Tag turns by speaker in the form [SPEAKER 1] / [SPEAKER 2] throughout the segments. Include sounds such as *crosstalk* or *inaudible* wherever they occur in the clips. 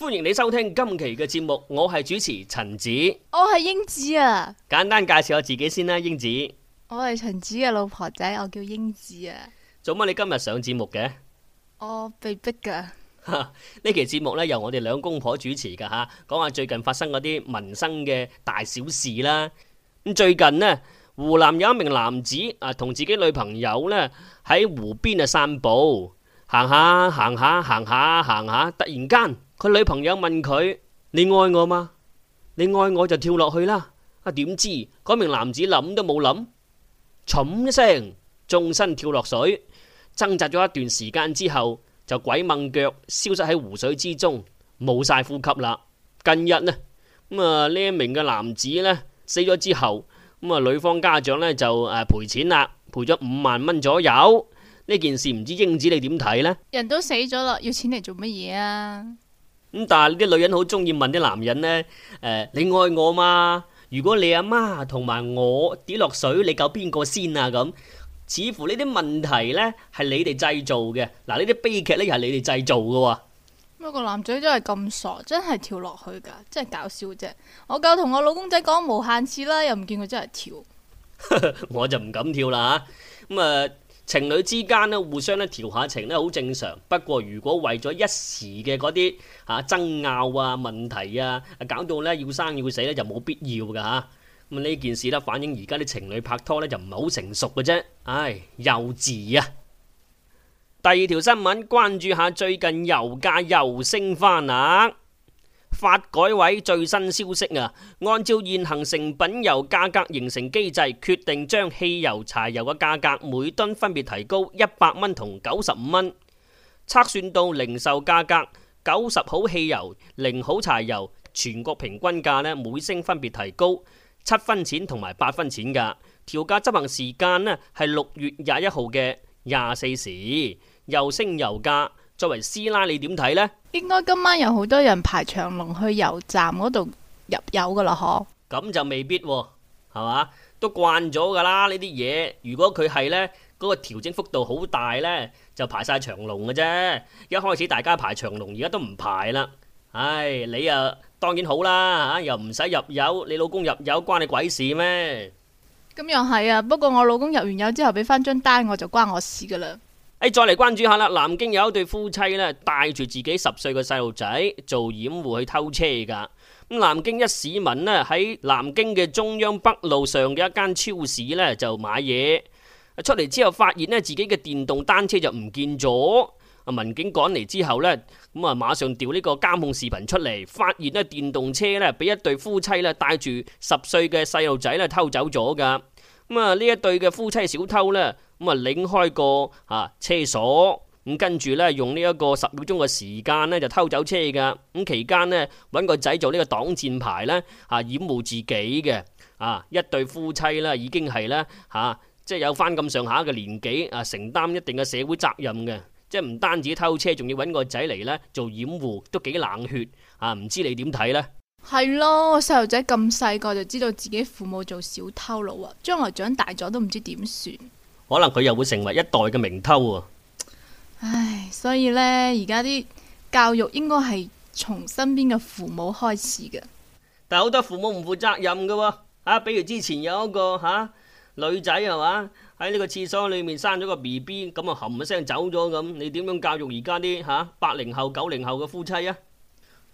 [SPEAKER 1] 歡迎你收聽今期嘅節目，我係主持陳子，
[SPEAKER 2] 我係英子啊。
[SPEAKER 1] 簡單介紹我自己先啦，英子，
[SPEAKER 2] 我係陳子嘅老婆仔，我叫英子啊。
[SPEAKER 1] 做乜你今日上節目嘅？
[SPEAKER 2] 我被逼噶。
[SPEAKER 1] 呢期節目呢，由我哋兩公婆主持噶吓，講下最近發生嗰啲民生嘅大小事啦。咁最近呢，湖南有一名男子啊，同自己女朋友呢喺湖邊啊散步，行下行下行下行下，行下，突然間。佢女朋友問佢：你愛我嗎？你愛我就跳落去啦。啊，點知嗰名男子諗都冇諗，蠢一聲，縱身跳落水，掙扎咗一段時間之後，就鬼掹腳消失喺湖水之中，冇晒呼吸啦。近日呢咁啊，呢一名嘅男子呢死咗之後，咁啊，女方家長呢就誒賠錢啦，賠咗五萬蚊左右。呢件事唔知英子你點睇呢？
[SPEAKER 2] 人都死咗啦，要錢嚟做乜嘢啊？
[SPEAKER 1] 咁但係呢啲女人好中意問啲男人呢：呃「誒，你愛我嘛？如果你阿媽同埋我跌落水，你救邊個先啊？咁，似乎呢啲問題呢係你哋製造嘅，嗱呢啲悲劇呢又係你哋製造嘅。
[SPEAKER 2] 不過男仔真係咁傻，真係跳落去噶，真係搞笑啫！我夠同我老公仔講無限次啦，又唔見佢真係跳，
[SPEAKER 1] *laughs* 我就唔敢跳啦吓。咁啊～、嗯情侶之間呢，互相呢調下情呢，好正常。不過，如果為咗一時嘅嗰啲啊爭拗啊、問題啊，搞到呢要生要死呢，就冇必要㗎吓。咁呢件事呢，反映而家啲情侶拍拖呢，就唔係好成熟嘅啫，唉、哎，幼稚啊！第二條新聞，關注下最近油價又升返啦。發改委最新消息啊！按照現行成品油價格形成機制，決定將汽油、柴油嘅價格每噸分別提高一百蚊同九十五蚊，測算到零售價格，九十號汽油、零號柴油全國平均價呢每升分別提高七分錢同埋八分錢噶。調價執行時間呢係六月廿一號嘅廿四時，又升油價。作為師奶，你點睇咧？
[SPEAKER 2] 應該今晚有好多人排長龍去油站嗰度入油噶啦，嗬？
[SPEAKER 1] 咁就未必，係嘛？都慣咗噶啦呢啲嘢。如果佢係咧，嗰個調整幅度好大咧，就排晒長龍嘅啫。一開始大家排長龍，而家都唔排啦。唉，你啊當然好啦，吓又唔使入油，你老公入油關你鬼事咩？
[SPEAKER 2] 咁又係啊，不過我老公入完油之後俾翻張單，我就關我事噶啦。
[SPEAKER 1] 再嚟關注下啦！南京有一對夫妻咧，帶住自己十歲嘅細路仔做掩護去偷車噶。咁南京一市民咧，喺南京嘅中央北路上嘅一間超市咧就買嘢，出嚟之後發現咧自己嘅電動單車就唔見咗。民警趕嚟之後呢，咁啊馬上調呢個監控視頻出嚟，發現呢電動車咧俾一對夫妻咧帶住十歲嘅細路仔咧偷走咗噶。咁啊，呢一對嘅夫妻小偷呢，咁、嗯、啊擰開個啊車鎖，咁、嗯、跟住呢，用呢一個十秒鐘嘅時間呢，就偷走車㗎，咁、嗯、期間呢，搵個仔做呢個擋箭牌呢，啊掩護自己嘅，啊一對夫妻呢，已經係呢，吓、啊，即係有翻咁上下嘅年紀啊，承擔一定嘅社會責任嘅，即係唔單止偷車，仲要搵個仔嚟呢，做掩護，都幾冷血啊！唔知你點睇呢？
[SPEAKER 2] 係咯，細路仔咁細個就知道自己父母做小偷佬啊！將來長大咗都唔知點算。
[SPEAKER 1] 可能佢又會成為一代嘅名偷啊！
[SPEAKER 2] 唉，所以呢，而家啲教育應該係從身邊嘅父母開始嘅。
[SPEAKER 1] 但係好多父母唔負責任噶、啊，吓、啊，比如之前有一個吓、啊、女仔係嘛喺呢個廁所裏面生咗個 BB，咁啊冚一聲走咗咁，你點樣教育而家啲吓八零後九零後嘅夫妻啊？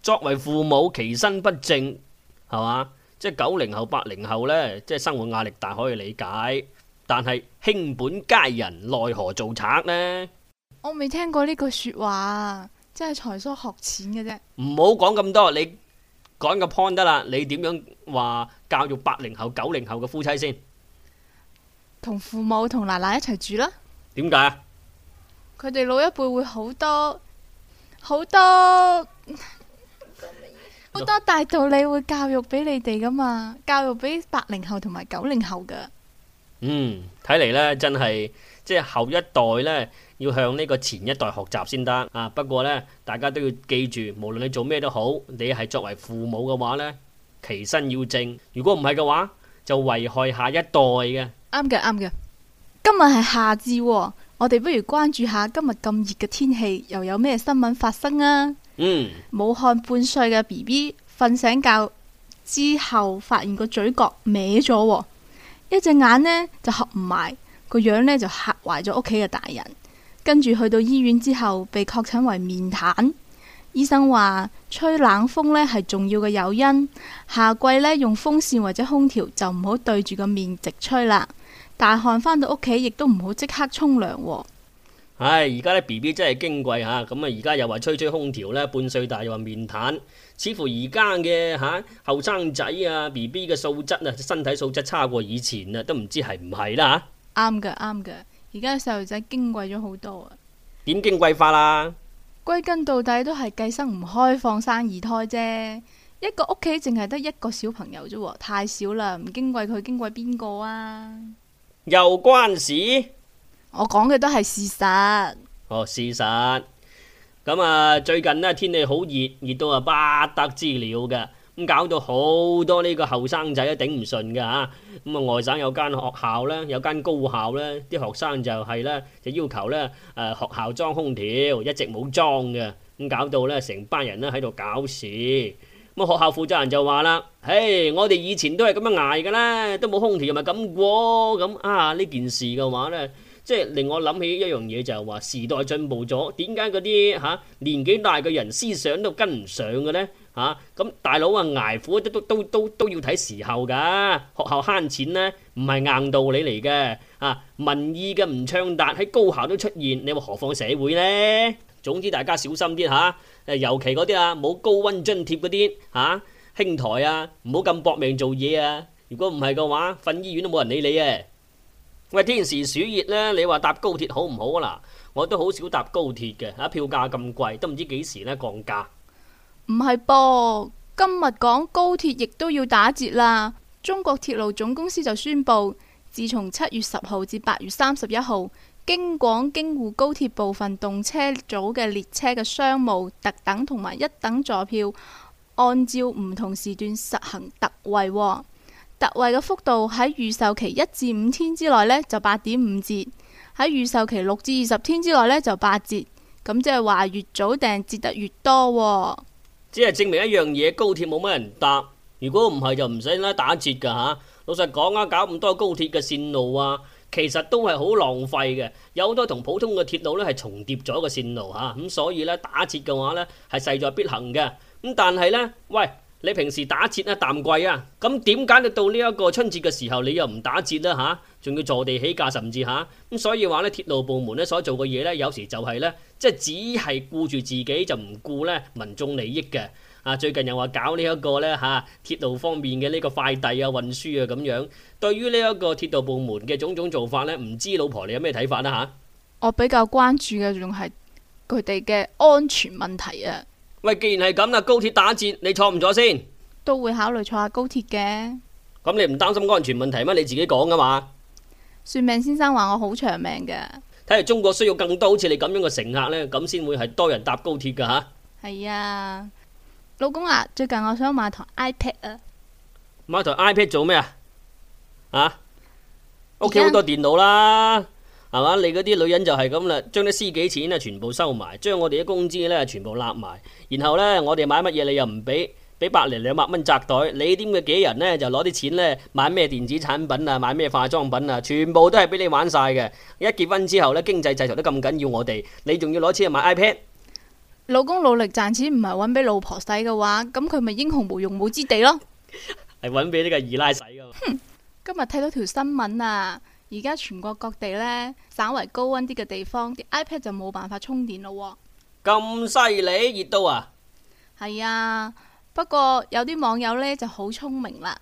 [SPEAKER 1] 作為父母，其身不正，係嘛？即係九零後、八零後咧，即係生活壓力大，可以理解。但係卿本佳人，奈何做賊呢？
[SPEAKER 2] 我未聽過呢句說話，真係才疏學淺嘅啫。
[SPEAKER 1] 唔好講咁多，你講個 point 得啦。你點樣話教育八零後、九零後嘅夫妻先？
[SPEAKER 2] 同父母同奶奶一齊住啦。點解？佢哋老一輩會好多好多。好多大道理會教育俾你哋噶嘛，教育俾八零後同埋九零後噶。
[SPEAKER 1] 嗯，睇嚟咧，真係即係後一代咧，要向呢個前一代學習先得啊！不過咧，大家都要記住，無論你做咩都好，你係作為父母嘅話咧，其身要正，如果唔係嘅話，就危害下一代嘅。
[SPEAKER 2] 啱嘅，啱嘅。今日係夏至喎，我哋不如關注下今日咁熱嘅天氣，又有咩新聞發生啊？嗯。武漢半歲嘅 BB 瞓醒覺之後，發現個嘴角歪咗，一隻眼呢就合唔埋，個樣呢就嚇壞咗屋企嘅大人。跟住去到醫院之後，被確診為面癱。醫生話吹冷風呢係重要嘅誘因，夏季呢用風扇或者空調就唔好對住個面直吹啦。大汗返到屋企亦都唔好即刻沖涼。
[SPEAKER 1] 唉，而家咧 B B 真係矜貴吓，咁啊，而家又話吹吹空調咧，半歲大又話面癱，似乎而家嘅吓後生仔啊 B B 嘅素質啊，身體素質差過以前啊，都唔知係唔係啦。
[SPEAKER 2] 啱噶，啱噶，而家嘅細路仔矜貴咗好多啊。
[SPEAKER 1] 點矜貴法啊？
[SPEAKER 2] 歸根到底都係計生唔開放，生二胎啫。一個屋企淨係得一個小朋友啫，太少啦，唔矜貴佢，矜貴邊個啊？
[SPEAKER 1] 又關事？我講嘅都係事實。哦，事實。咁啊，最近呢天氣好熱，熱到啊不得之了嘅。咁搞到好多呢個後生仔都頂唔順嘅啊。咁、嗯、啊，外省有間學校呢，有間高校呢，啲學生就係呢，就要求呢誒、呃、學校裝空調，一直冇裝嘅。咁搞到呢成班人呢喺度搞事。咁、嗯、啊，學校負責人就話啦，誒、hey，我哋以前都係咁樣挨㗎啦，都冇空調又咪咁過。咁、嗯、啊呢件事嘅話呢。即係令我諗起一樣嘢，就係話時代進步咗，點解嗰啲嚇年紀大嘅人思想都跟唔上嘅咧？嚇咁大佬啊捱苦都都都都都要睇時候㗎。學校慳錢咧，唔係硬道理嚟嘅啊！民意嘅唔暢達喺高校都出現，你話何況社會咧？總之大家小心啲嚇，尤其嗰啲啊冇高溫津貼嗰啲嚇，兄台啊唔好咁搏命做嘢啊！如果唔係嘅話，瞓醫院都冇人理你啊！喂，天時暑熱呢？你話搭高鐵好唔好啊？嗱，我都好少搭高鐵嘅，吓票價咁貴，都唔知幾時呢降價。
[SPEAKER 2] 唔係噃，今日講高鐵亦都要打折啦。中國鐵路總公司就宣布，自從七月十號至八月三十一號，京廣、京滬高鐵部分動車組嘅列車嘅商務、特等同埋一等座票，按照唔同時段實行特惠。特惠嘅幅度喺預售期一至五天之內呢，就八點五折，喺預售期六至二十天之內呢，就八折。咁即係話，越早訂折得越多。哦，
[SPEAKER 1] 只係證明一樣嘢，高鐵冇乜人搭。如果唔係就唔使啦打折噶吓，啊。老實講啊，搞咁多高鐵嘅線路啊，其實都係好浪費嘅。有好多同普通嘅鐵路呢，係重疊咗嘅線路吓，咁、啊嗯、所以呢，打折嘅話呢，係勢在必行嘅。咁、嗯、但係呢，喂。你平時打折啊淡季啊，咁點解你到呢一個春節嘅時候，你又唔打折啦吓？仲要坐地起價甚至吓咁、啊嗯，所以話咧鐵路部門咧所做嘅嘢咧有時就係咧即係只係顧住自己就唔顧咧民眾利益嘅啊！最近又話搞呢一個咧吓鐵路方面嘅呢個快遞啊運輸啊咁樣，對於呢一個鐵路部門嘅種種做法咧，唔知老婆你有咩睇法啦、啊、吓？我比
[SPEAKER 2] 較關注嘅仲係佢哋嘅安全問題啊。
[SPEAKER 1] 喂，既然係咁啦，高鐵打折，你坐唔坐先？
[SPEAKER 2] 都會考慮坐下高鐵嘅。
[SPEAKER 1] 咁你唔擔心安全問題咩？你自己講噶嘛。
[SPEAKER 2] 算命先生話我好長命嘅。
[SPEAKER 1] 睇嚟中國需要更多好似你咁樣嘅乘客呢，咁先會係多人搭高鐵噶吓。
[SPEAKER 2] 係啊，老公啊，最近我想買台 iPad 啊。
[SPEAKER 1] 買台 iPad 做咩啊？啊？屋企好多電腦啦。係嘛？你嗰啲女人就係咁啦，將啲私己錢啊全部收埋，將我哋啲工資呢全部納埋，然後呢，我哋買乜嘢你又唔俾，俾百零兩百蚊扎袋,袋。你啲咁嘅幾人呢？就攞啲錢呢，買咩電子產品啊，買咩化妝品啊，全部都係俾你玩晒嘅。一結婚之後呢，經濟制裁得咁緊要我，我哋你仲要攞錢去買 iPad？
[SPEAKER 2] 老公努力賺錢唔係揾俾老婆使嘅話，咁佢咪英雄無用武之地咯？
[SPEAKER 1] 係揾俾呢個二奶使噶。
[SPEAKER 2] 今日睇到條新聞啊！而家全國各地呢，稍為高温啲嘅地方，啲 iPad 就冇辦法充電咯。
[SPEAKER 1] 咁犀利，熱到啊！
[SPEAKER 2] 係啊，不過有啲網友呢就好聰明啦，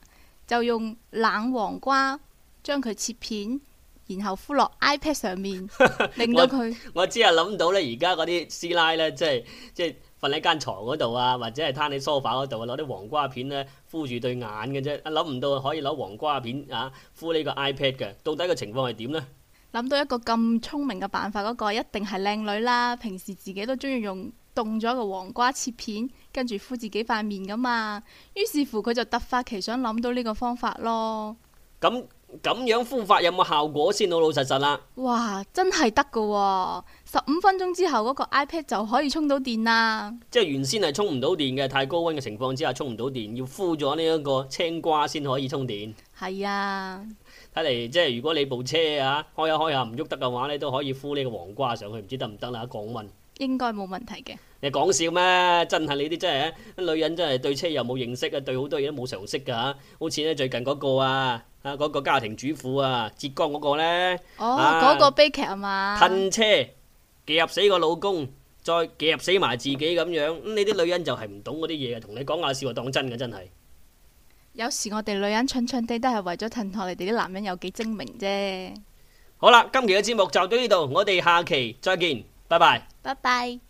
[SPEAKER 2] 就用冷黃瓜將佢切片。然後敷落 iPad 上面， *laughs* 令到佢
[SPEAKER 1] *laughs* 我我只係諗到咧，而家嗰啲師奶咧，即係即係瞓喺間床嗰度啊，或者係攤喺梳化嗰度啊，攞啲黃瓜片咧敷住對眼嘅啫。諗唔到可以攞黃瓜片啊敷呢個 iPad 嘅，到底個情況係點呢？
[SPEAKER 2] 諗到一個咁聰明嘅辦法，嗰、嗰個一定係靚女啦。平時自己都中意用凍咗嘅黃瓜切片，跟住敷自己塊面噶嘛。於是乎，佢就突發奇想諗到呢個方法咯。
[SPEAKER 1] 咁。咁樣敷法有冇效果先？老老實實啦、
[SPEAKER 2] 啊。哇，真係得噶，十五分鐘之後嗰個 iPad 就可以充到電啦。
[SPEAKER 1] 即係原先係充唔到電嘅，太高温嘅情況之下充唔到電，要敷咗呢一個青瓜先可以充電。
[SPEAKER 2] 係啊，
[SPEAKER 1] 睇嚟即係如果你部車啊開一開下唔喐得嘅話咧，都可以敷呢個黃瓜上去，唔知得唔得啦？降温。
[SPEAKER 2] 應該冇問題嘅。
[SPEAKER 1] 你講笑咩？真係你啲真係，啲女人真係對車又冇認識啊，對好多嘢都冇常識噶吓。好似咧最近嗰個啊，啊嗰個家庭主婦啊，浙江嗰個咧。哦，嗰個
[SPEAKER 2] 悲劇係嘛？褪
[SPEAKER 1] 車夾死個老公，再夾死埋自己咁樣。咁你啲女人就係唔懂嗰啲嘢，同你講下笑話當真嘅，真係。
[SPEAKER 2] 有時我哋女人蠢蠢地都係為咗襯托你哋啲男人有幾精明啫。
[SPEAKER 1] 好啦，今期嘅節目就到呢度，我哋下期再見。拜拜。
[SPEAKER 2] 拜拜。